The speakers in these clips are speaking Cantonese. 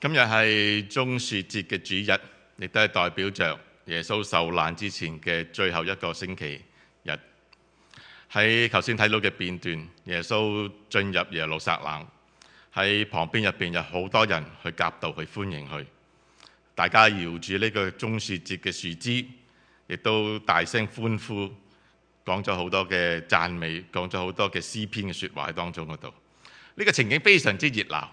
今日係棕樹節嘅主日，亦都係代表着耶穌受難之前嘅最後一個星期日。喺頭先睇到嘅片段，耶穌進入耶路撒冷，喺旁邊入邊有好多人去夾道去歡迎佢，大家搖住呢個棕樹節嘅樹枝，亦都大聲歡呼，講咗好多嘅讚美，講咗好多嘅詩篇嘅説話喺當中嗰度。呢個情景非常之熱鬧。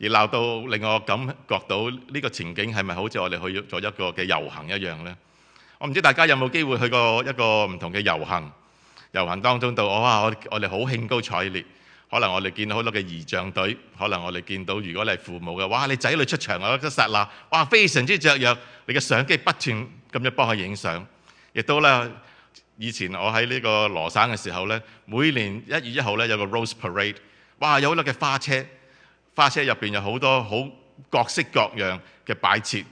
而熱鬧到令我感覺到呢個情景係咪好似我哋去做一個嘅遊行一樣呢？我唔知大家有冇機會去過一個唔同嘅遊行？遊行當中到，哇！我我哋好興高采烈。可能我哋見到好多嘅儀仗隊，可能我哋見到如果你係父母嘅，哇！你仔女出場啊，一剎那，哇！非常之雀躍，你嘅相機不斷咁樣幫佢影相。亦都咧，以前我喺呢個羅省嘅時候呢，每年一月一號呢，有個 Rose Parade，哇！有好多嘅花車。花車入邊有好多好各式各樣嘅擺設，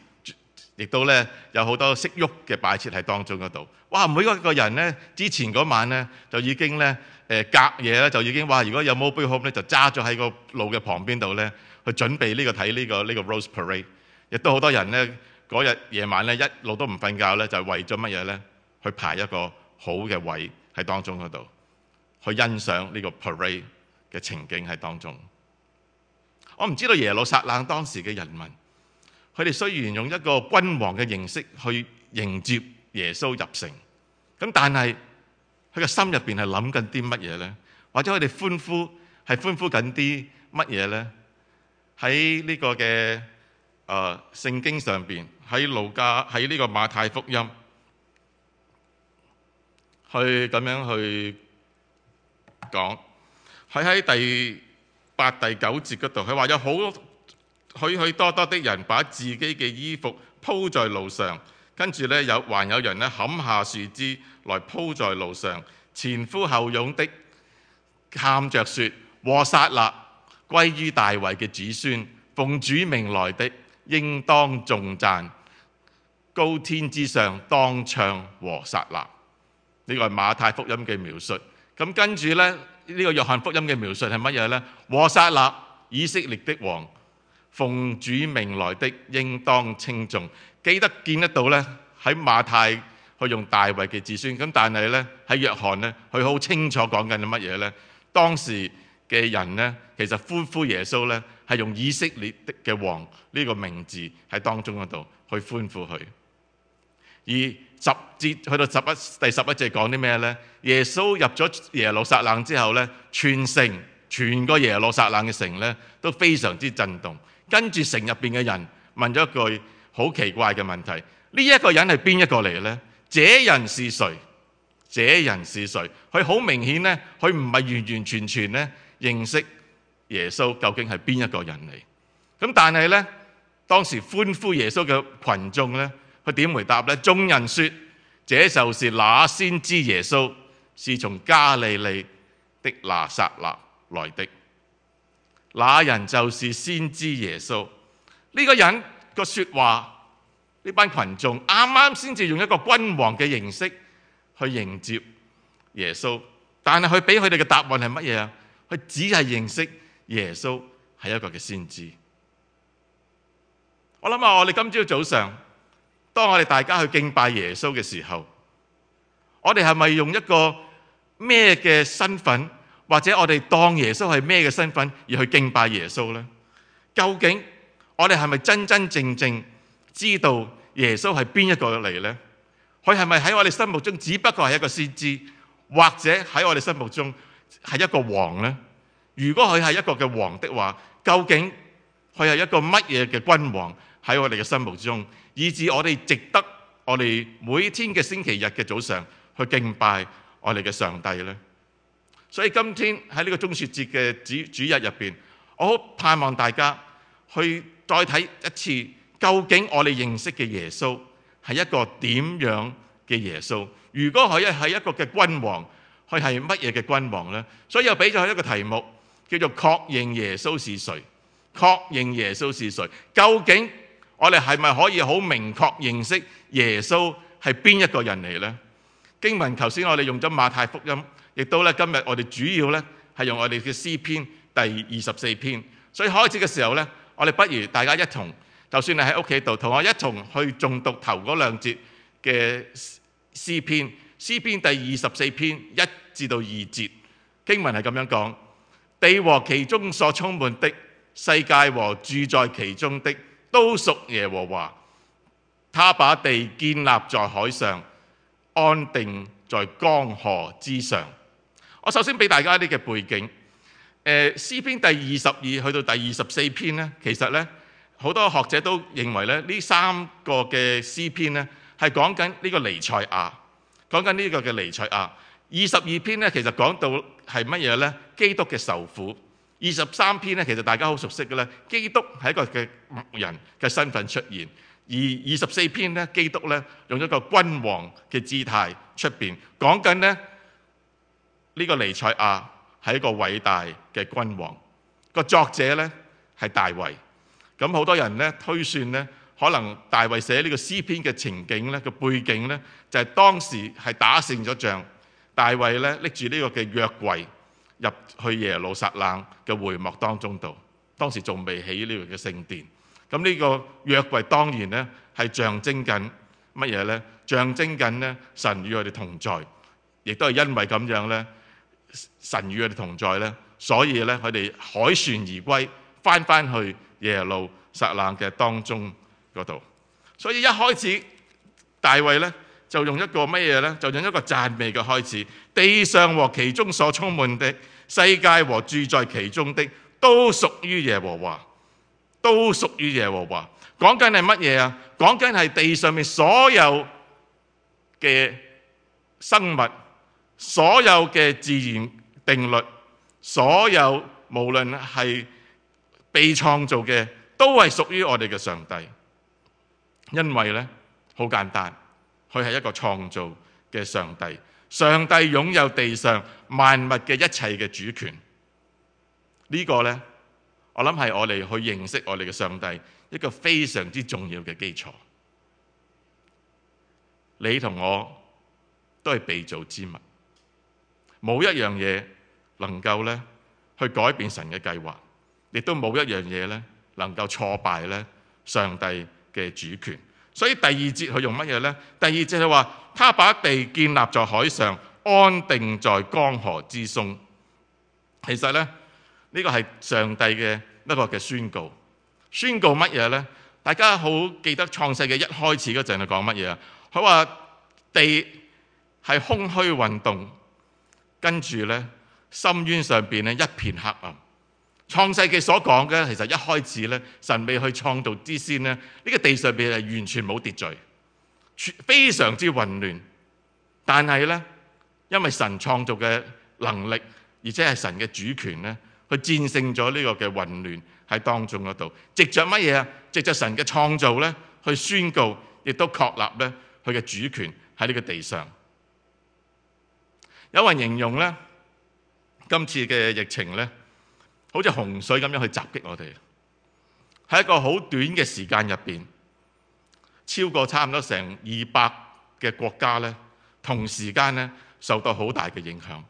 亦都咧有好多識喐嘅擺設喺當中嗰度。哇！每一個人咧，之前嗰晚咧就已經咧誒隔夜咧就已經哇！如果有 mobile home 咧就揸咗喺個路嘅旁邊度咧去準備呢、呢個睇呢、呢個呢、呢個 Rose Parade。亦都好多人咧嗰日夜晚咧一路都唔瞓覺咧，就係、為咗乜嘢咧去排一個好嘅位喺當中嗰度去欣賞呢個 parade 嘅情景喺當中。我唔知道耶路撒冷當時嘅人民，佢哋雖然用一個君王嘅形式去迎接耶穌入城，咁但係佢嘅心入邊係諗緊啲乜嘢呢？或者佢哋歡呼係歡呼緊啲乜嘢呢？喺呢個嘅啊聖經上邊，喺路加，喺呢個馬太福音去咁樣去講，佢喺第八第九節嗰度，佢話有好許許多多的人把自己嘅衣服鋪在路上，跟住呢，有還有人呢，砍下樹枝來鋪在路上，前呼後擁的喊着「説：和散那歸於大衞嘅子孫，奉主名來的，應當重讚，高天之上當唱和散那。呢、這個係馬太福音嘅描述。咁跟住呢。呢、這個約翰福音嘅描述係乜嘢呢？「和散那，以色列的王，奉主命來的，應當稱重。記得見得到呢，喺馬太去用大衛嘅子孫。咁但係呢，喺約翰呢，佢好清楚講緊係乜嘢呢？當時嘅人呢，其實歡呼耶穌呢，係用以色列的嘅王呢個名字喺當中嗰度去歡呼佢。而十節去到十一，第十一節講啲咩呢？耶穌入咗耶路撒冷之後呢，全城、全個耶路撒冷嘅城呢都非常之震動。跟住城入邊嘅人問咗一句好奇怪嘅問題：呢、這個、一個人係邊一個嚟呢？這人是誰？這人是誰？佢好明顯呢，佢唔係完完全全呢認識耶穌究竟係邊一個人嚟。咁但係呢，當時歡呼耶穌嘅群眾呢。佢點回答呢？眾人説：這就是那先知耶穌，是從加利利的拿撒勒來的。那人就是先知耶穌。呢、這個人個説話，呢班羣眾啱啱先至用一個君王嘅形式去迎接耶穌，但係佢俾佢哋嘅答案係乜嘢啊？佢只係認識耶穌係一個嘅先知。我諗啊，我哋今朝早上。當我哋大家去敬拜耶穌嘅時候，我哋係咪用一個咩嘅身份，或者我哋當耶穌係咩嘅身份而去敬拜耶穌呢？究竟我哋係咪真真正正知道耶穌係邊一個嚟呢？佢係咪喺我哋心目中只不過係一個先知，或者喺我哋心目中係一個王呢？如果佢係一個嘅王的話，究竟佢係一個乜嘢嘅君王喺我哋嘅心目中？以至我哋值得我哋每天嘅星期日嘅早上去敬拜我哋嘅上帝咧。所以今天喺呢個中雪節嘅主主日入邊，我好盼望大家去再睇一次，究竟我哋認識嘅耶穌係一個點樣嘅耶穌，如果佢係係一個嘅君王，佢係乜嘢嘅君王咧？所以又俾咗佢一個題目，叫做確認耶穌是誰，確認耶穌是誰究竟？我哋係咪可以好明確認識耶穌係邊一個人嚟呢？經文頭先我哋用咗馬太福音，亦都今日我哋主要咧係用我哋嘅詩篇第二十四篇。所以開始嘅時候咧，我哋不如大家一同，就算你喺屋企度，同我一同去重讀頭嗰兩節嘅詩篇，詩篇第二十四篇一至到二節。經文係咁樣講：地和其中所充滿的，世界和住在其中的，都屬耶和華，他把地建立在海上，安定在江河之上。我首先俾大家一啲嘅背景。誒，詩篇第二十二去到第二十四篇呢，其實呢，好多學者都認為咧呢這三個嘅詩篇呢係講緊呢個彌賽亞，講緊呢個嘅彌賽亞。二十二篇呢，其實講到係乜嘢呢？基督嘅受苦。二十三篇呢，其實大家好熟悉嘅咧，基督係一個嘅牧人嘅身份出現；而二十四篇呢，基督呢，用一個君王嘅姿態出現講緊呢，呢、這個尼賽亞係一個偉大嘅君王。個作者呢，係大衛，咁好多人呢，推算呢，可能大衛寫呢個詩篇嘅情景呢，個背景呢，就係當時係打勝咗仗，大衛咧拎住呢個嘅約櫃。入去耶路撒冷嘅回幕當中度，當時仲未起呢個嘅聖殿。咁呢個約櫃當然咧係象徵緊乜嘢咧？象徵緊咧神與我哋同在，亦都係因為咁樣咧，神與我哋同在咧，所以咧佢哋凱旋而歸，翻翻去耶路撒冷嘅當中嗰度。所以一開始大衛咧，就用一個乜嘢呢？就用一個讚美嘅開始。地上和其中所充滿的，世界和住在其中的，都屬於耶和華，都屬於耶和華。講緊係乜嘢啊？講緊係地上面所有嘅生物，所有嘅自然定律，所有無論係被創造嘅，都係屬於我哋嘅上帝。因為呢，好簡單。佢係一個創造嘅上帝，上帝擁有地上萬物嘅一切嘅主權。呢、這個呢，我諗係我哋去認識我哋嘅上帝一個非常之重要嘅基礎。你同我都係被造之物，冇一樣嘢能夠咧去改變神嘅計劃，亦都冇一樣嘢咧能夠挫敗咧上帝嘅主權。所以第二節佢用乜嘢咧？第二節佢話：他把地建立在海上，安定在江河之中。其實咧，呢個係上帝嘅一個嘅宣告。宣告乜嘢咧？大家好記得創世嘅一開始嗰陣佢講乜嘢啊？佢話地係空虛運動，跟住咧深淵上面咧一片黑暗。創世記所講嘅，其實一開始咧，神未去創造之先咧，呢個地上面係完全冇秩序，非常之混亂。但係呢，因為神創造嘅能力，而且係神嘅主權咧，去戰勝咗呢個嘅混亂喺當中嗰度。藉着乜嘢啊？藉著神嘅創造咧，去宣告，亦都確立咧佢嘅主權喺呢個地上。有人形容呢，今次嘅疫情呢。好似洪水咁樣去襲擊我哋，喺一個好短嘅時間入邊，超過差唔多成二百嘅國家咧，同時間咧受到好大嘅影響。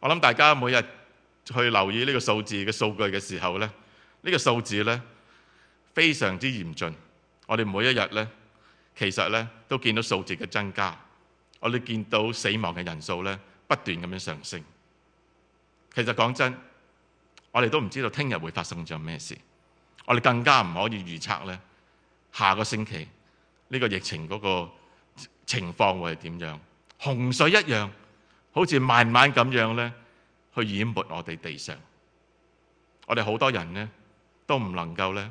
我諗大家每日去留意呢個數字嘅數據嘅時候咧，呢個數字咧非常之嚴峻。我哋每一日咧，其實咧都見到數字嘅增加，我哋見到死亡嘅人數咧不斷咁樣上升。其實講真。我哋都唔知道聽日會發生咗咩事，我哋更加唔可以預測咧下個星期呢個疫情嗰個情況會係點樣？洪水一樣，好似慢慢咁樣咧去淹沒我哋地上。我哋好多人咧都唔能夠咧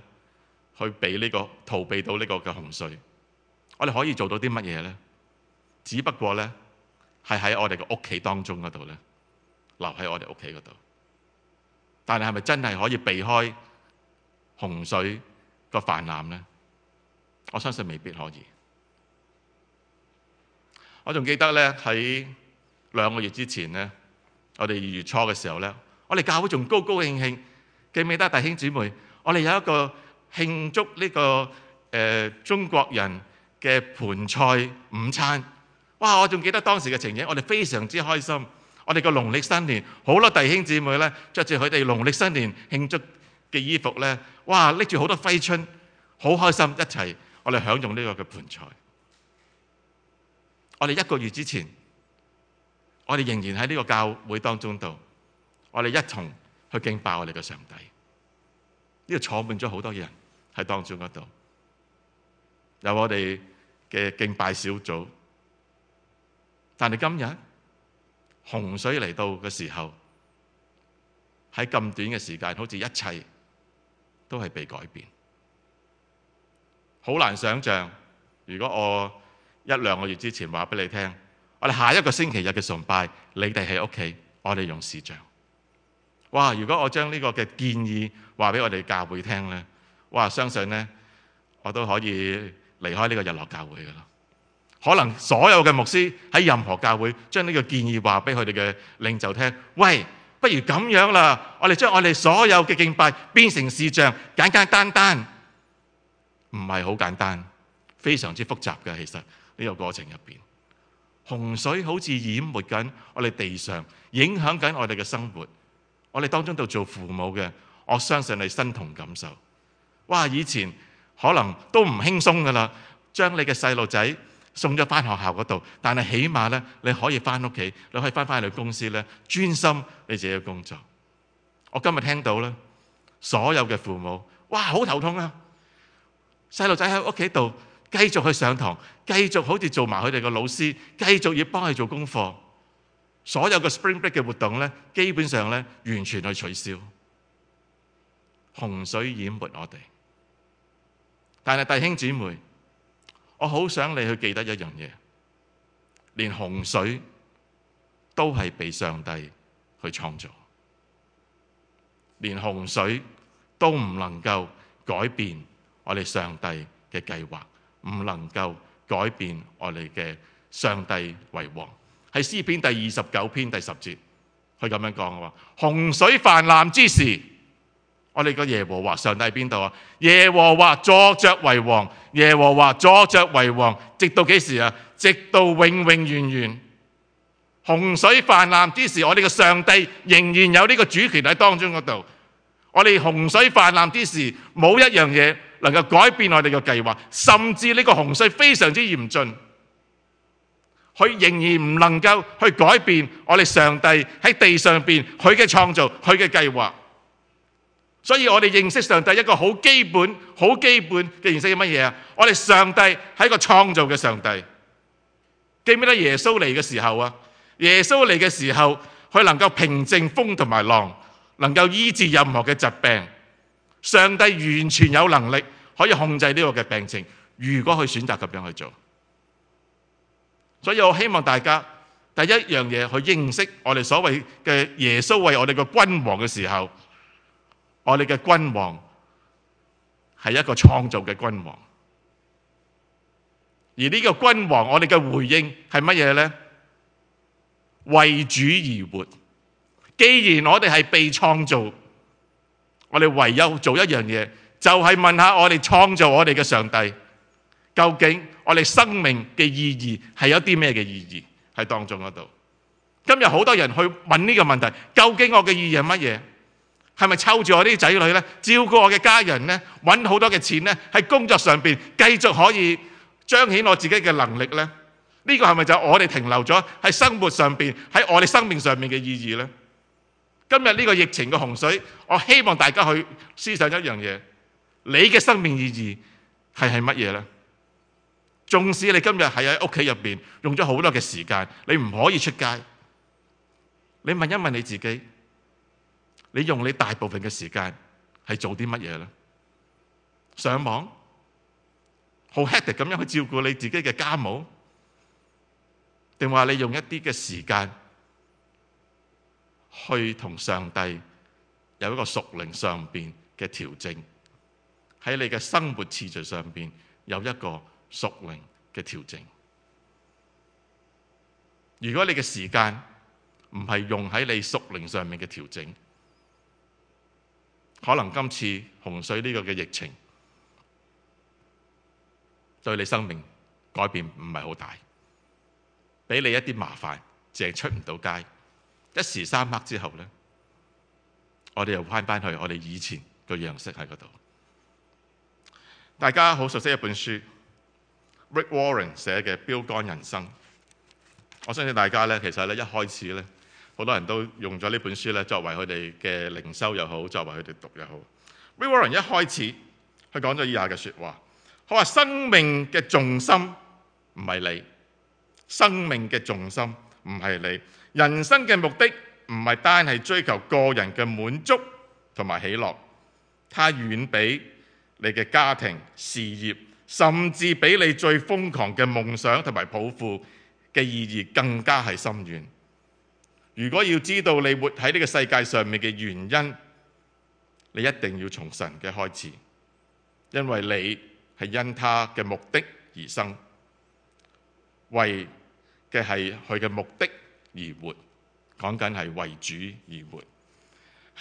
去畀呢個逃避到呢個嘅洪水。我哋可以做到啲乜嘢咧？只不過咧係喺我哋嘅屋企當中嗰度咧留喺我哋屋企嗰度。但係係咪真係可以避開洪水嘅氾濫呢？我相信未必可以。我仲記得咧喺兩個月之前呢，我哋二月初嘅時候呢，我哋教會仲高高興興，記唔記得？弟兄姊妹，我哋有一個慶祝呢、這個誒、呃、中國人嘅盤菜午餐。哇！我仲記得當時嘅情景，我哋非常之開心。我哋個農曆新年，好多弟兄姊妹咧着住佢哋農曆新年慶祝嘅衣服咧，哇！拎住好多揮春，好開心，一齊我哋享用呢個嘅盆菜。我哋一個月之前，我哋仍然喺呢個教會當中度，我哋一同去敬拜我哋嘅上帝。呢度坐滿咗好多嘅人喺當中嗰度，有我哋嘅敬拜小組，但係今日。洪水嚟到嘅時候，喺咁短嘅時間，好似一切都係被改變，好難想像。如果我一兩個月之前話俾你聽，我哋下一個星期日嘅崇拜，你哋喺屋企，我哋用視像。哇！如果我將呢個嘅建議話俾我哋教會聽呢，哇！相信呢，我都可以離開呢個日落教會㗎喇。可能所有嘅牧師喺任何教會將呢個建議話俾佢哋嘅領袖聽，喂，不如咁樣啦，我哋將我哋所有嘅敬拜變成視像，簡簡單單，單，唔係好簡單，非常之複雜嘅，其實呢個過程入邊，洪水好似淹沒緊我哋地上，影響緊我哋嘅生活。我哋當中度做父母嘅，我相信你身同感受。哇，以前可能都唔輕鬆噶啦，將你嘅細路仔。送咗翻學校嗰度，但係起碼咧，你可以翻屋企，你可以翻返去公司咧，專心你自己嘅工作。我今日聽到咧，所有嘅父母，哇，好頭痛啊！細路仔喺屋企度繼續去上堂，繼續好似做埋佢哋嘅老師，繼續要幫佢做功課。所有嘅 Spring Break 嘅活動咧，基本上咧，完全去取消。洪水淹沒我哋，但係弟兄姊妹。我好想你去記得一樣嘢，連洪水都係被上帝去創造，連洪水都唔能夠改變我哋上帝嘅計劃，唔能夠改變我哋嘅上帝為王。喺詩篇第二十九篇第十節，佢咁樣講嘅話：洪水泛濫之時。我哋個耶和華上帝喺邊度啊？耶和華坐著為王，耶和華坐著為王，直到幾時啊？直到永永遠遠。洪水泛濫之時，我哋個上帝仍然有呢個主權喺當中嗰度。我哋洪水泛濫之時，冇一樣嘢能夠改變我哋嘅計劃，甚至呢個洪水非常之嚴峻，佢仍然唔能夠去改變我哋上帝喺地上面佢嘅創造佢嘅計劃。所以我哋認識上帝一個好基本、好基本嘅認識係乜嘢？我哋上帝係一個創造嘅上帝。記唔記得耶穌嚟嘅時候啊？耶穌嚟嘅時候，佢能夠平靜風同埋浪，能夠醫治任何嘅疾病。上帝完全有能力可以控制呢個嘅病情，如果佢選擇咁樣去做。所以我希望大家第一樣嘢去認識我哋所謂嘅耶穌為我哋嘅君王嘅時候。我哋嘅君王係一個創造嘅君王，而呢個君王，我哋嘅回應係乜嘢呢？為主而活。既然我哋係被創造，我哋唯有做一樣嘢，就係問下我哋創造我哋嘅上帝，究竟我哋生命嘅意義係有啲咩嘅意義喺當中嗰度？今日好多人去問呢個問題，究竟我嘅意義係乜嘢？係咪湊住我啲仔女咧？照顧我嘅家人咧？揾好多嘅錢咧？喺工作上面繼續可以彰顯我自己嘅能力咧？呢個係咪就係我哋停留咗喺生活上面、喺我哋生命上面嘅意義呢？今日呢個疫情嘅洪水，我希望大家去思想一樣嘢：你嘅生命意義係係乜嘢咧？縱使你今日係喺屋企入邊用咗好多嘅時間，你唔可以出街。你問一問你自己。你用你大部分嘅時間係做啲乜嘢呢？上網、好 hard 咁樣去照顧你自己嘅家務，定話你用一啲嘅時間去同上帝有一個屬靈上面嘅調整，喺你嘅生活次序上面有一個屬靈嘅調整。如果你嘅時間唔係用喺你屬靈上面嘅調整，可能今次洪水呢個嘅疫情對你生命改變唔係好大，俾你一啲麻煩，淨係出唔到街，一時三刻之後咧，我哋又翻返去我哋以前嘅樣式喺嗰度。大家好熟悉一本書，Rick Warren 寫嘅《標竿人生》，我相信大家咧，其實咧一開始咧。好多人都用咗呢本書咧，作為佢哋嘅靈修又好，作為佢哋讀又好。Rick Warren 一開始佢講咗以下嘅説話，佢話生命嘅重心唔係你，生命嘅重心唔係你，人生嘅目的唔係單係追求個人嘅滿足同埋喜樂，它遠比你嘅家庭、事業，甚至比你最瘋狂嘅夢想同埋抱負嘅意義更加係深遠。如果要知道你活喺呢個世界上面嘅原因，你一定要從神嘅開始，因為你係因他嘅目的而生，為嘅係佢嘅目的而活，講緊係為主而活。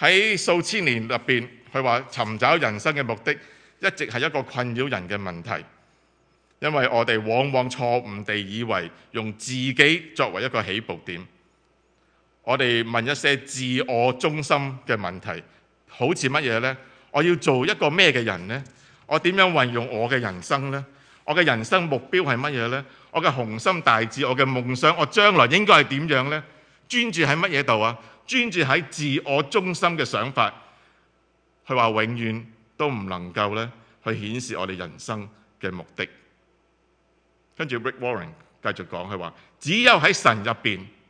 喺數千年入邊，佢話尋找人生嘅目的一直係一個困擾人嘅問題，因為我哋往往錯誤地以為用自己作為一個起步點。我哋問一些自我中心嘅問題，好似乜嘢呢？我要做一個咩嘅人呢？我點樣運用我嘅人生呢？我嘅人生目標係乜嘢呢？我嘅雄心大志、我嘅夢想、我將來應該係點樣呢？專注喺乜嘢度啊？專注喺自我中心嘅想法，佢話永遠都唔能夠呢去顯示我哋人生嘅目的。跟住 Rick Warren 繼續講，佢話只有喺神入面。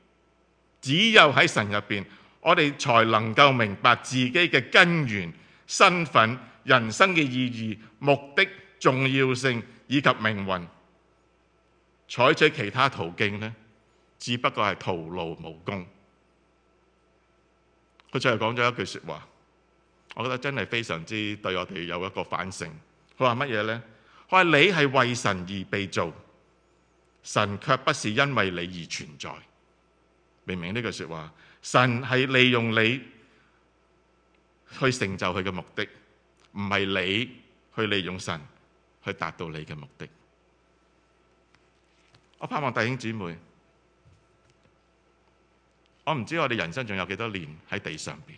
只有喺神入邊，我哋才能夠明白自己嘅根源、身份、人生嘅意義、目的、重要性以及命運。採取其他途徑咧，只不過係徒勞無功。佢最後講咗一句說話，我覺得真係非常之對我哋有一個反省。佢話乜嘢咧？佢話你係為神而被造，神卻不是因為你而存在。明明呢句説話，神係利用你去成就佢嘅目的，唔係你去利用神去達到你嘅目的。我盼望弟兄姊妹，我唔知道我哋人生仲有幾多年喺地上邊，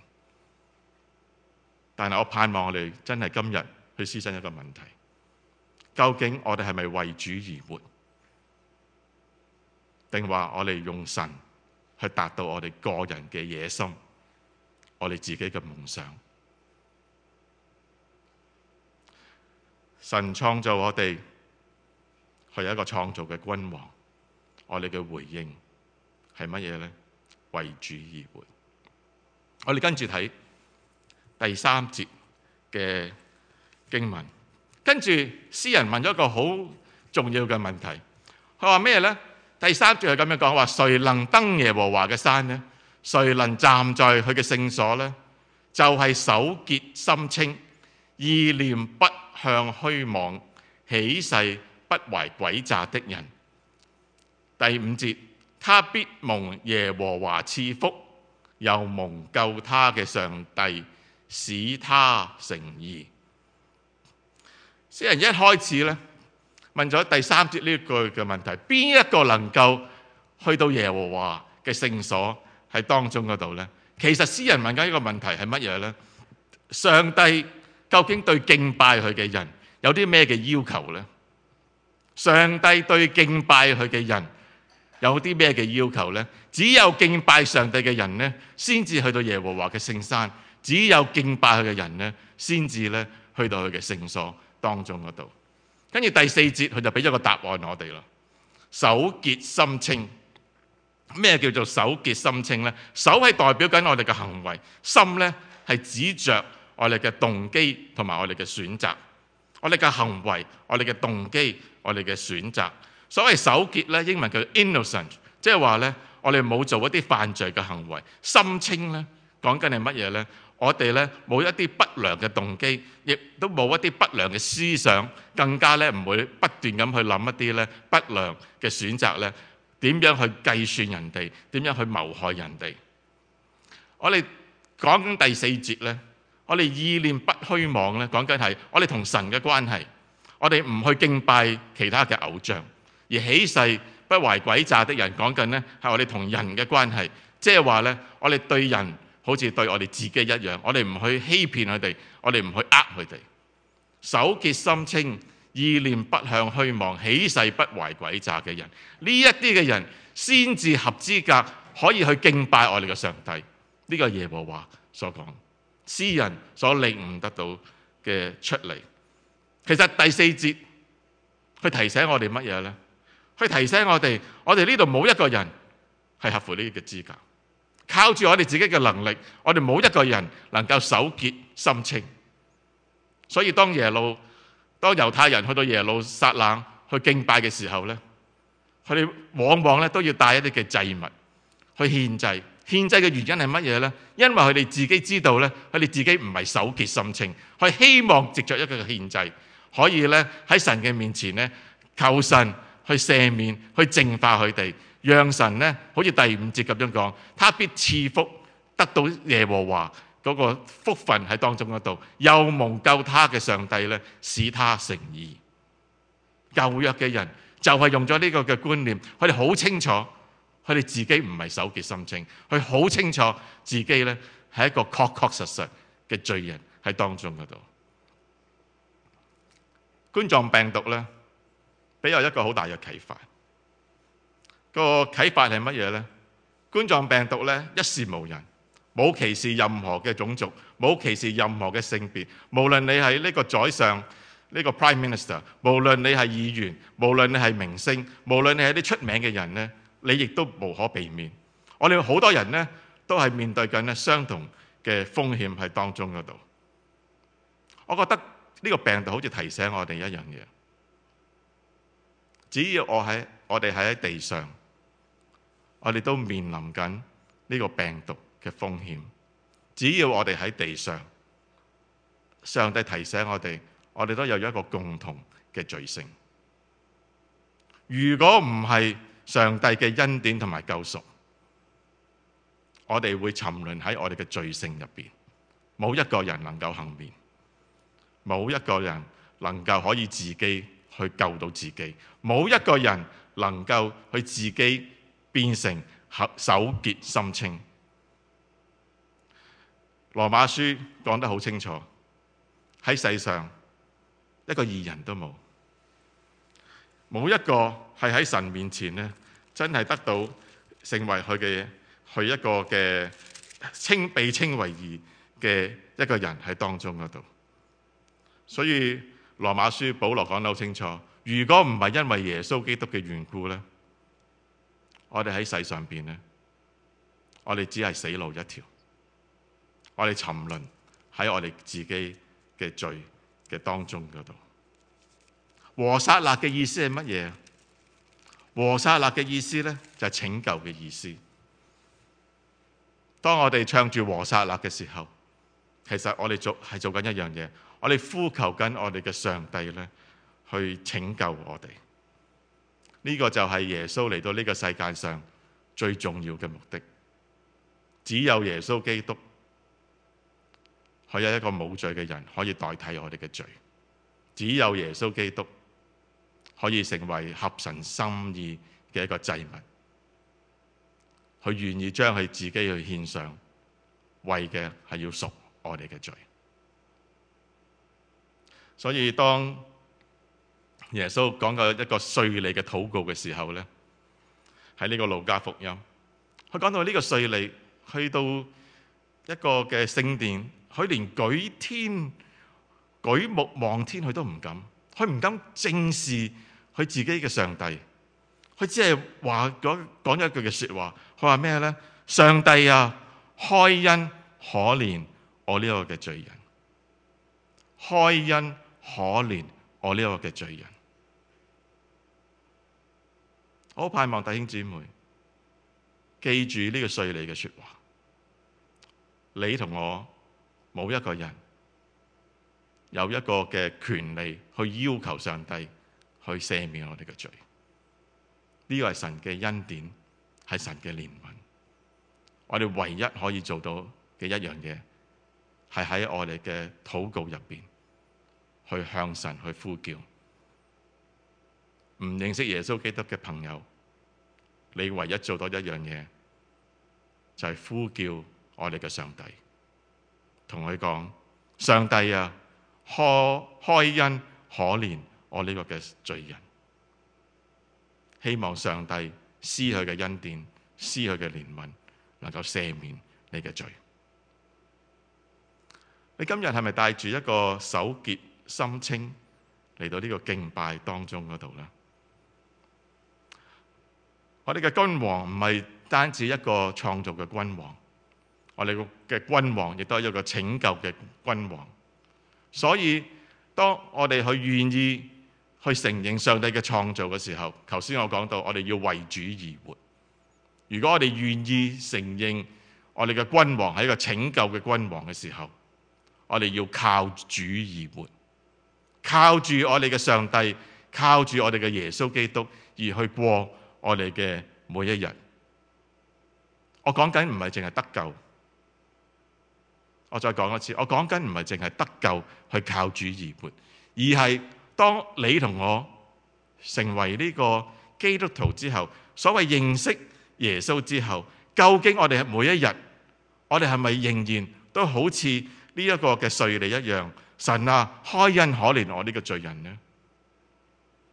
但係我盼望我哋真係今日去思想一個問題：究竟我哋係咪為主而活，定話我哋用神？去達到我哋個人嘅野心，我哋自己嘅夢想。神創造我哋，佢有一個創造嘅君王。我哋嘅回應係乜嘢咧？為主而活。我哋跟住睇第三節嘅經文，跟住詩人問咗一個好重要嘅問題。佢話咩咧？第三節係咁樣講話：誰能登耶和華嘅山呢？誰能站在佢嘅聖所呢？就係、是、手潔心清、意念不向虛妄、起誓不懷詭詐的人。第五節，他必蒙耶和華賜福，又蒙救他嘅上帝使他成義。詩人一開始呢？問咗第三節呢句嘅問題，邊一個能夠去到耶和華嘅聖所喺當中嗰度呢？其實詩人問緊一個問題係乜嘢呢？上帝究竟對敬拜佢嘅人有啲咩嘅要求呢？上帝對敬拜佢嘅人有啲咩嘅要求呢？只有敬拜上帝嘅人呢，先至去到耶和華嘅聖山；只有敬拜佢嘅人呢，先至呢去到佢嘅聖所當中嗰度。跟住第四節，佢就俾咗個答案我哋啦。手潔心清，咩叫做手潔心清咧？手係代表緊我哋嘅行為，心咧係指著我哋嘅動機同埋我哋嘅選擇。我哋嘅行為、我哋嘅動機、我哋嘅選擇。所謂手潔咧，英文叫 innocent，即係話咧，我哋冇做一啲犯罪嘅行為。心清咧，講緊係乜嘢咧？我哋呢冇一啲不良嘅動機，亦都冇一啲不良嘅思想，更加呢唔會不斷咁去諗一啲呢不良嘅選擇呢，點樣去計算人哋，點樣去謀害人哋。我哋講緊第四節呢，我哋意念不虛妄呢，講緊係我哋同神嘅關係，我哋唔去敬拜其他嘅偶像，而起誓不懷詭詐的人，講緊呢係我哋同人嘅關係，即係話呢，我哋對人。好似對我哋自己一樣，我哋唔去欺騙佢哋，我哋唔去呃佢哋，手潔心清，意念不向虛妄，起誓不懷詭詐嘅人，呢一啲嘅人先至合資格可以去敬拜我哋嘅上帝。呢個耶和華所講，詩人所領悟得到嘅出嚟。其實第四節去提醒我哋乜嘢呢？去提醒我哋，我哋呢度冇一個人係合乎呢啲嘅資格。靠住我哋自己嘅能力，我哋冇一個人能夠手潔心清。所以當耶路，當猶太人去到耶路撒冷去敬拜嘅時候咧，佢哋往往咧都要帶一啲嘅祭物去獻祭。獻祭嘅原因係乜嘢咧？因為佢哋自己知道咧，佢哋自己唔係手潔心清，佢希望藉着一個嘅獻祭，可以咧喺神嘅面前咧求神去赦免，去淨化佢哋。讓神咧，好似第五節咁樣講，他必賜福，得到耶和華嗰個福分喺當中嗰度，又蒙救他嘅上帝咧，使他成義。舊約嘅人就係、是、用咗呢個嘅觀念，佢哋好清楚，佢哋自己唔係手潔心清，佢好清楚自己咧係一個確確實實嘅罪人喺當中嗰度。冠狀病毒咧，俾我一個好大嘅啟發。個啟發係乜嘢呢？冠狀病毒呢，一事無人，冇歧視任何嘅種族，冇歧視任何嘅性別，無論你係呢個宰相呢個 Prime Minister，無論你係議員，無論你係明星，無論你係啲出名嘅人呢，你亦都無可避免。我哋好多人呢，都係面對緊相同嘅風險喺當中嗰度。我覺得呢個病毒好似提醒我哋一樣嘢，只要我喺我哋喺地上。我哋都面臨緊呢個病毒嘅風險。只要我哋喺地上，上帝提醒我哋，我哋都有一個共同嘅罪性。如果唔係上帝嘅恩典同埋救贖，我哋會沉淪喺我哋嘅罪性入面，冇一個人能夠幸免，冇一個人能夠可以自己去救到自己，冇一個人能夠去自己。變成手潔心清，《羅馬書》講得好清楚，喺世上一個義人都冇，冇一個係喺神面前咧，真係得到成為佢嘅，佢一個嘅稱被稱為義嘅一個人喺當中嗰度。所以《羅馬書》保羅講得好清楚，如果唔係因為耶穌基督嘅緣故咧。我哋喺世上邊咧，我哋只係死路一條。我哋沉淪喺我哋自己嘅罪嘅當中嗰度。和散那嘅意思係乜嘢？和散那嘅意思呢，就係拯救嘅意思。當我哋唱住和散那嘅時候，其實我哋做係做緊一樣嘢，我哋呼求緊我哋嘅上帝咧去拯救我哋。呢個就係耶穌嚟到呢個世界上最重要嘅目的。只有耶穌基督佢係一個冇罪嘅人，可以代替我哋嘅罪。只有耶穌基督可以成為合神心意嘅一個祭物。佢願意將佢自己去獻上，為嘅係要贖我哋嘅罪。所以當耶穌講過一個稅吏嘅禱告嘅時候咧，喺呢個路加福音，佢講到呢個稅吏去到一個嘅聖殿，佢連舉天舉目望天佢都唔敢，佢唔敢正視佢自己嘅上帝，佢只係話咗講咗一句嘅說話，佢話咩咧？上帝啊，開恩可憐我呢一個嘅罪人，開恩可憐我呢一個嘅罪人。我盼望弟兄姊妹記住呢個碎利嘅說話。你同我冇一個人有一個嘅權利去要求上帝去赦免我哋嘅罪。呢、這個、係神嘅恩典，係神嘅憐憫。我哋唯一可以做到嘅一樣嘢，係喺我哋嘅禱告入面去向神去呼叫。唔認識耶穌基督嘅朋友，你唯一做到一樣嘢，就係、是、呼叫我哋嘅上帝，同佢講：上帝啊，開開恩，可憐我呢個嘅罪人，希望上帝施佢嘅恩典，施佢嘅憐憫，能夠赦免你嘅罪。你今日係咪帶住一個手潔心清嚟到呢個敬拜當中嗰度咧？我哋嘅君王唔係單止一個創造嘅君王，我哋嘅君王亦都係一個拯救嘅君王。所以當我哋去願意去承認上帝嘅創造嘅時候，頭先我講到我哋要為主而活。如果我哋願意承認我哋嘅君王係一個拯救嘅君王嘅時候，我哋要靠主而活，靠住我哋嘅上帝，靠住我哋嘅耶穌基督而去過。我哋嘅每一日，我講緊唔係淨係得救。我再講一次，我講緊唔係淨係得救去靠主而活，而係當你同我成為呢個基督徒之後，所謂認識耶穌之後，究竟我哋每一日，我哋係咪仍然都好似呢一個嘅罪人一樣？神啊，開恩可憐我呢個罪人呢？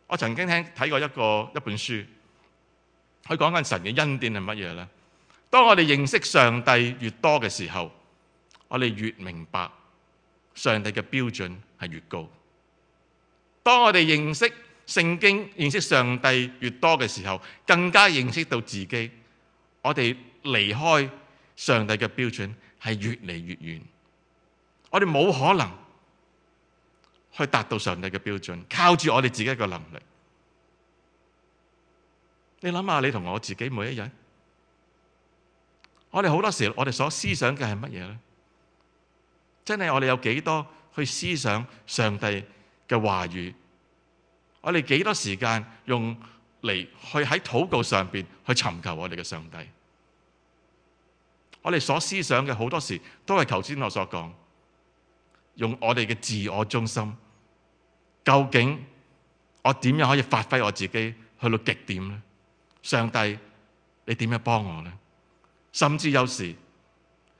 我曾經聽睇過一個一本書。佢講緊神嘅恩典係乜嘢呢？當我哋認識上帝越多嘅時候，我哋越明白上帝嘅標準係越高。當我哋認識聖經、認識上帝越多嘅時候，更加認識到自己，我哋離開上帝嘅標準係越嚟越遠。我哋冇可能去達到上帝嘅標準，靠住我哋自己嘅能力。你諗下，你同我自己每一日，我哋好多時，我哋所思想嘅係乜嘢呢？真係我哋有幾多去思想上帝嘅話語？我哋幾多時間用嚟去喺禱告上面去尋求我哋嘅上帝？我哋所思想嘅好多時候都係頭先我所講，用我哋嘅自我中心，究竟我點樣可以發揮我自己去到極點呢？上帝，你點樣幫我呢？甚至有時，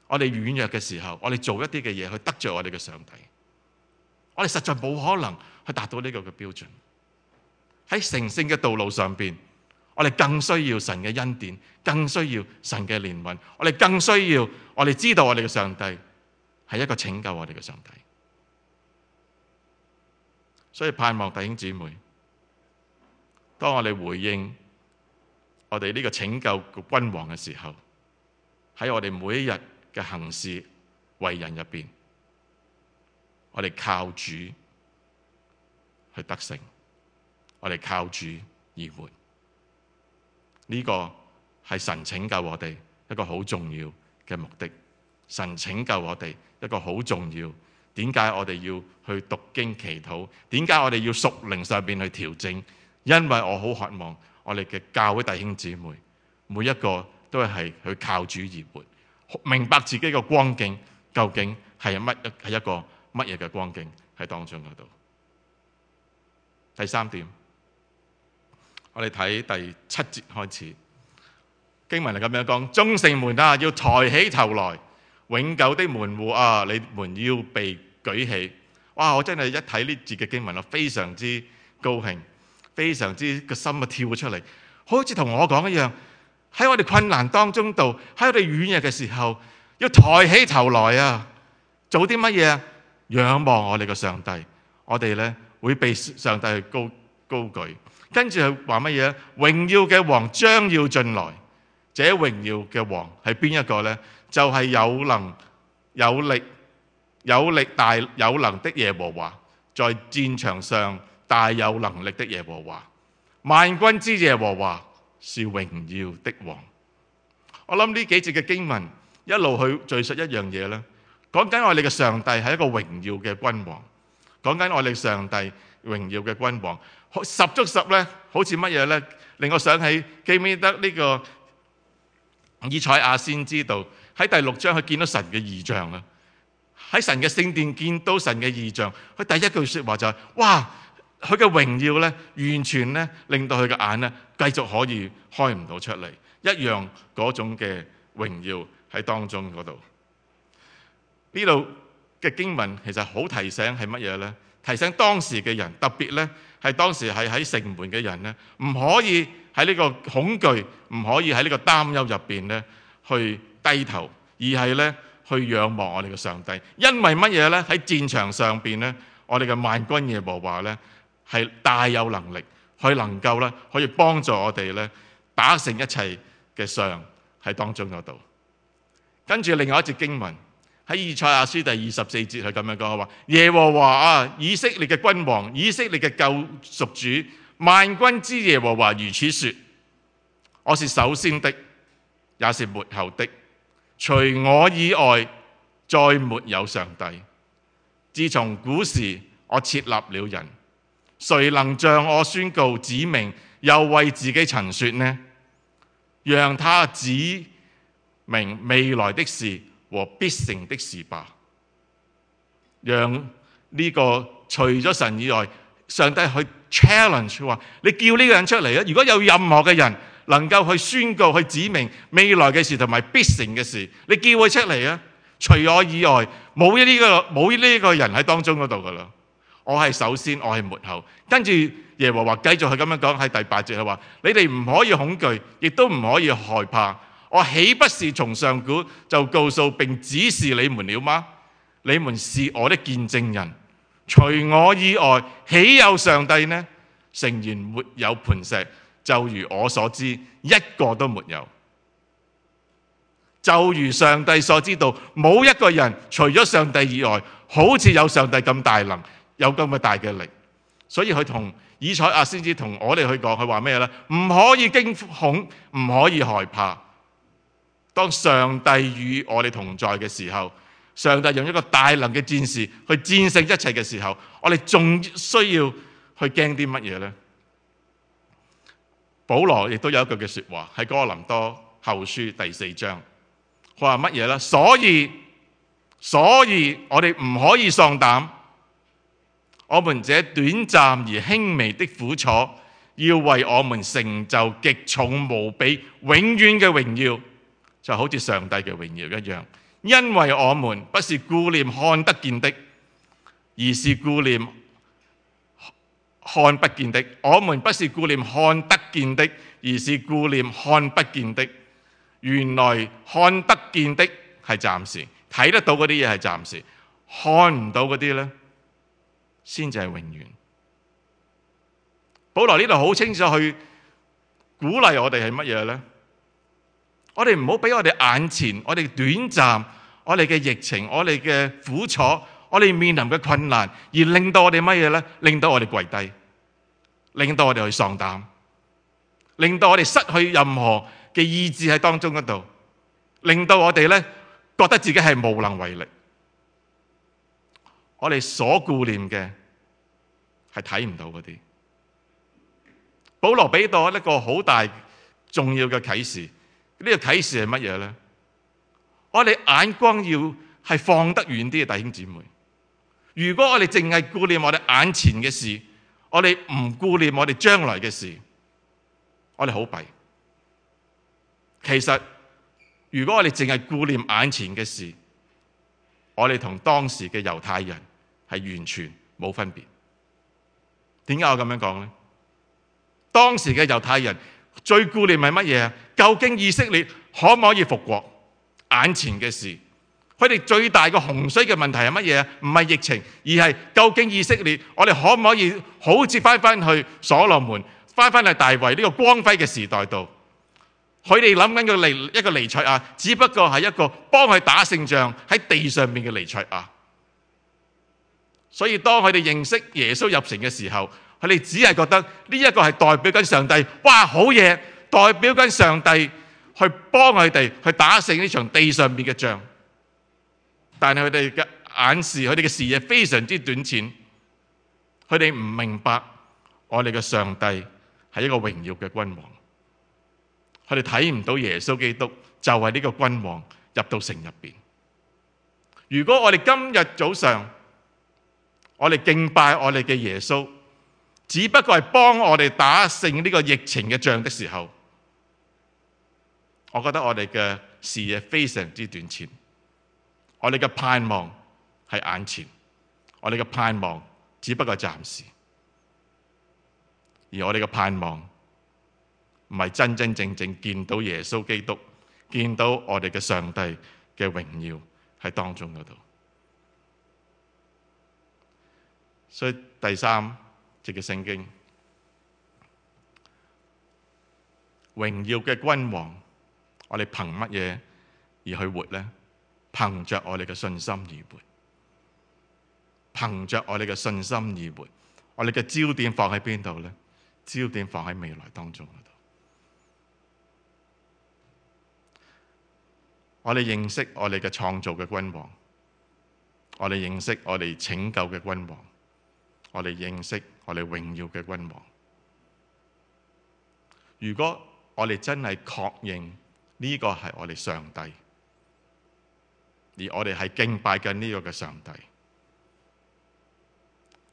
我哋軟弱嘅時候，我哋做一啲嘅嘢去得罪我哋嘅上帝，我哋實在冇可能去達到呢個嘅標準。喺成聖嘅道路上面，我哋更需要神嘅恩典，更需要神嘅憐憫，我哋更需要我哋知道我哋嘅上帝係一個拯救我哋嘅上帝。所以盼望弟兄姊妹，當我哋回應。我哋呢個拯救的君王嘅時候，喺我哋每一日嘅行事為人入面，我哋靠主去得勝，我哋靠主而活。呢、這個係神拯救我哋一個好重要嘅目的。神拯救我哋一個好重要。點解我哋要去讀經祈禱？點解我哋要屬靈上面去調整？因為我好渴望。我哋嘅教會弟兄姊妹，每一個都係去靠主而活，明白自己嘅光景究竟係乜係一個乜嘢嘅光景，喺當中嗰度。第三點，我哋睇第七節開始，經文係咁樣講：眾城門啊，要抬起頭來；永久的門戶啊，你們要被舉起。哇！我真係一睇呢節嘅經文，我非常之高興。非常之個心跳咗出嚟，好似同我講一樣，喺我哋困難當中度，喺我哋軟弱嘅時候，要抬起頭來啊，做啲乜嘢啊？仰望我哋嘅上帝，我哋呢會被上帝去高高舉，跟住又話乜嘢咧？榮耀嘅王將要進來，這榮耀嘅王係邊一個呢？就係、是、有能有力有力、大有能的耶和華，在戰場上。大有能力的耶和華，萬軍之耶和華是榮耀的王。我諗呢幾節嘅經文一路去敘述一樣嘢咧，講緊我哋嘅上帝係一個榮耀嘅君王，講緊我哋上帝榮耀嘅君王。十足十咧，好似乜嘢咧？令我想起，記唔記得呢個以賽亞先知道喺第六章佢見到神嘅異象啊，喺神嘅聖殿見到神嘅異象。佢第一句說話就係哇。佢嘅榮耀咧，完全咧令到佢嘅眼咧繼續可以開唔到出嚟，一樣嗰種嘅榮耀喺當中嗰度。呢度嘅經文其實好提醒係乜嘢咧？提醒當時嘅人，特別咧係當時係喺城門嘅人咧，唔可以喺呢個恐懼，唔可以喺呢個擔憂入邊咧去低頭，而係咧去仰望我哋嘅上帝。因為乜嘢咧？喺戰場上邊咧，我哋嘅萬軍耶和華咧。係大有能力，佢能夠咧，可以幫助我哋咧，打成一切嘅上喺當中嗰度。跟住另外一節經文喺以賽亞書第二十四節，佢咁樣講話：耶和華啊，以色列嘅君王，以色列嘅救贖主，萬軍之耶和華如此説：我是首先的，也是末後的，除我以外再沒有上帝。自從古時我設立了人。誰能像我宣告指明，又為自己陳説呢？讓他指明未來的事和必成的事吧。讓呢個除咗神以外，上帝去 challenge 話：你叫呢個人出嚟啊！如果有任何嘅人能夠去宣告去指明未來嘅事同埋必成嘅事，你叫佢出嚟啊！除我以外，冇呢個，冇呢個人喺當中嗰度㗎喇。我係首先，我係末後，跟住，耶和華繼續佢咁樣講喺第八節，佢話你哋唔可以恐懼，亦都唔可以害怕。我豈不是從上古就告訴並指示你們了嗎？你們是我的見證人，除我以外，豈有上帝呢？誠然沒有磐石，就如我所知，一個都沒有。就如上帝所知道，冇一個人除咗上帝以外，好似有上帝咁大能。有咁嘅大嘅力，所以佢同以賽亞先知同我哋去講，佢話咩呢？唔可以驚恐，唔可以害怕。當上帝與我哋同在嘅時候，上帝用一個大能嘅戰士去戰勝一切嘅時候，我哋仲需要去驚啲乜嘢呢？保羅亦都有一句嘅說話喺哥林多後書第四章，佢話乜嘢呢？所以，所以我哋唔可以喪膽。我們這短暫而輕微的苦楚，要為我們成就極重無比、永遠嘅榮耀，就好似上帝嘅榮耀一樣。因為我們不是顧念看得見的，而是顧念看不見的。我們不是顧念看得見的，而是顧念看不見的。原來看得見的係暫時，睇得到嗰啲嘢係暫時，看唔到嗰啲呢。先至係永遠。保羅呢度好清楚去鼓勵我哋係乜嘢呢？我哋唔好畀我哋眼前、我哋短暫、我哋嘅疫情、我哋嘅苦楚、我哋面臨嘅困難，而令到我哋乜嘢呢？令到我哋跪低，令到我哋去喪膽，令到我哋失去任何嘅意志喺當中嗰度，令到我哋呢，覺得自己係無能為力。我哋所顧念嘅。係睇唔到嗰啲。保羅俾到一個好大重要嘅啟示，呢、這個啟示係乜嘢呢？我哋眼光要係放得遠啲，弟兄姐妹。如果我哋淨係顧念我哋眼前嘅事，我哋唔顧念我哋將來嘅事，我哋好弊。其實，如果我哋淨係顧念眼前嘅事，我哋同當時嘅猶太人係完全冇分別。點解我咁樣講呢？當時嘅猶太人最顧念咪乜嘢啊？究竟以色列可唔可以復國？眼前嘅事，佢哋最大個洪水嘅問題係乜嘢啊？唔係疫情，而係究竟以色列我哋可唔可以好似返返去所羅門，返返去大衛呢個光輝嘅時代度？佢哋想諗緊一個彌賽亞，只不過係一個幫佢打勝仗喺地上嘅彌賽亞。所以當佢哋認識耶穌入城嘅時候，佢哋只係覺得呢一個係代表緊上帝，哇好嘢！代表緊上帝去幫佢哋去打勝呢場地上面嘅仗。但係佢哋嘅眼視，佢哋嘅視野非常之短淺，佢哋唔明白我哋嘅上帝係一個榮耀嘅君王。佢哋睇唔到耶穌基督就係呢個君王入到城入面。如果我哋今日早上，我哋敬拜我哋嘅耶穌，只不過係幫我哋打勝呢個疫情嘅仗嘅時候，我覺得我哋嘅視野非常之短淺，我哋嘅盼望係眼前，我哋嘅盼望只不過係暫時，而我哋嘅盼望唔係真真正正見到耶穌基督，見到我哋嘅上帝嘅榮耀喺當中嗰度。所以第三就係、這個、聖經，榮耀嘅君王，我哋憑乜嘢而去活呢？憑着我哋嘅信心而活，憑着我哋嘅信心而活。我哋嘅焦點放喺邊度呢？焦點放喺未來當中。我哋認識我哋嘅創造嘅君王，我哋認識我哋拯救嘅君王。我哋認識我哋榮耀嘅君王。如果我哋真係確認呢個係我哋上帝，而我哋係敬拜緊呢個嘅上帝，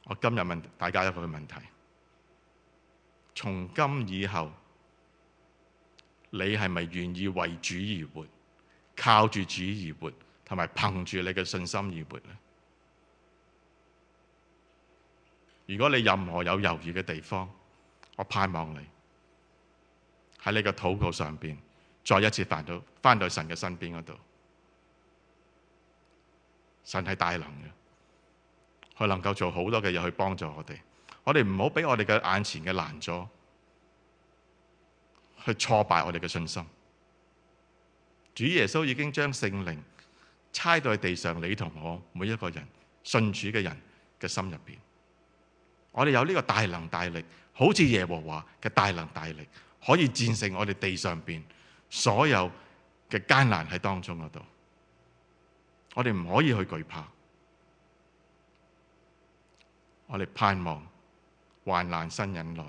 我今日問大家一個問題：從今以後，你係咪願意為主而活，靠住主而活，同埋憑住你嘅信心而活呢？如果你任何有猶豫嘅地方，我盼望你喺你嘅禱告上邊再一次翻到翻到神嘅身邊嗰度。神係大能嘅，佢能夠做好多嘅嘢去幫助我哋。我哋唔好俾我哋嘅眼前嘅難阻去挫敗我哋嘅信心。主耶穌已經將聖靈差到地上，你同我每一個人信主嘅人嘅心入邊。我哋有呢個大能大力，好似耶和華嘅大能大力，可以戰勝我哋地上邊所有嘅艱難，喺當中嗰度。我哋唔可以去懼怕，我哋盼望患難生忍耐，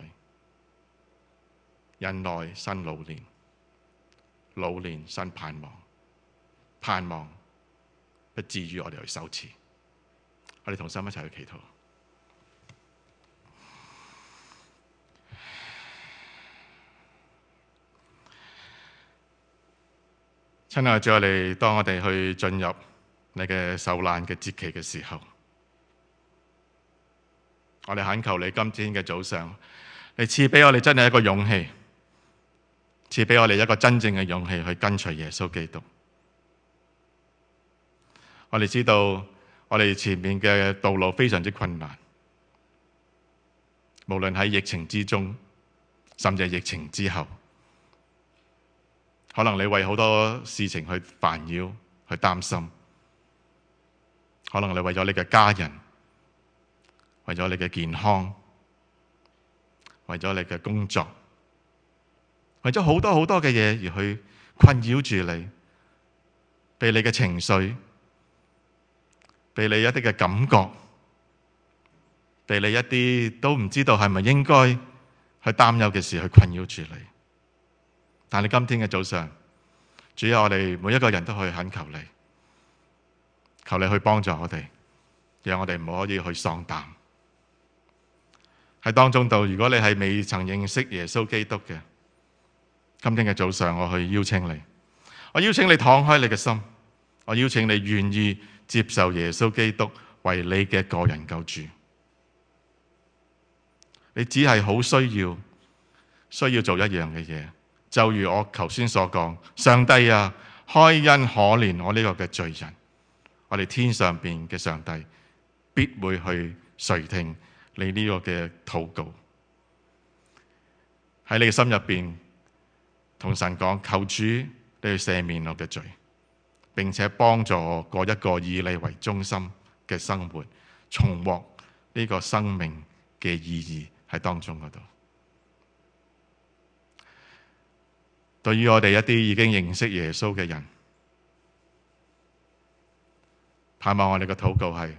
忍耐生老練，老練生盼望，盼望不至於我哋去羞恥。我哋同心一齊去祈禱。親愛的主，我哋當我哋去進入你嘅受難嘅節期嘅時候，我哋懇求你，今天嘅早上，你賜俾我哋真係一個勇氣，賜俾我哋一個真正嘅勇氣去跟隨耶穌基督。我哋知道我哋前面嘅道路非常之困難，無論喺疫情之中，甚至疫情之後。可能你為好多事情去煩擾、去擔心，可能你為咗你嘅家人、為咗你嘅健康、為咗你嘅工作、為咗好多好多嘅嘢而去困擾住你，被你嘅情緒、被你一啲嘅感覺、被你一啲都唔知道係咪應該去擔憂嘅事去困擾住你。但你今天嘅早上，主要我哋每一個人都去懇求你，求你去幫助我哋，讓我哋唔可以去喪膽喺當中度。如果你係未曾認識耶穌基督嘅，今天嘅早上，我去邀請你，我邀請你敞開你嘅心，我邀請你願意接受耶穌基督為你嘅個人救主，你只係好需要，需要做一樣嘅嘢。就如我頭先所講，上帝啊，開恩可憐我呢個嘅罪人，我哋天上邊嘅上帝必會去垂聽你呢個嘅禱告。喺你嘅心入邊，同神講，求主你去赦免我嘅罪，並且幫助我過一個以你為中心嘅生活，重獲呢個生命嘅意義喺當中嗰度。對於我哋一啲已經認識耶穌嘅人，盼望我哋嘅禱告係：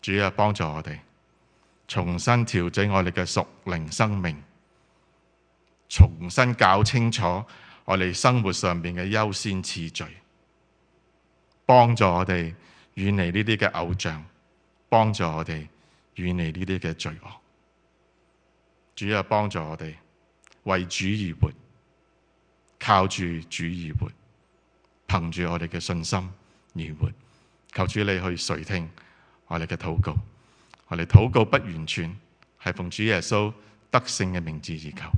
主要係，幫助我哋重新調整我哋嘅屬靈生命，重新搞清楚我哋生活上面嘅優先次序，幫助我哋遠離呢啲嘅偶像，幫助我哋遠離呢啲嘅罪惡。主要係，幫助我哋為主而活。靠住主而活，憑住我哋嘅信心而活。求主你去垂聽我哋嘅禱告，我哋禱告不完全，係奉主耶穌得勝嘅名字而求。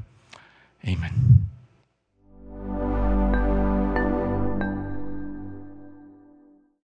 Amen。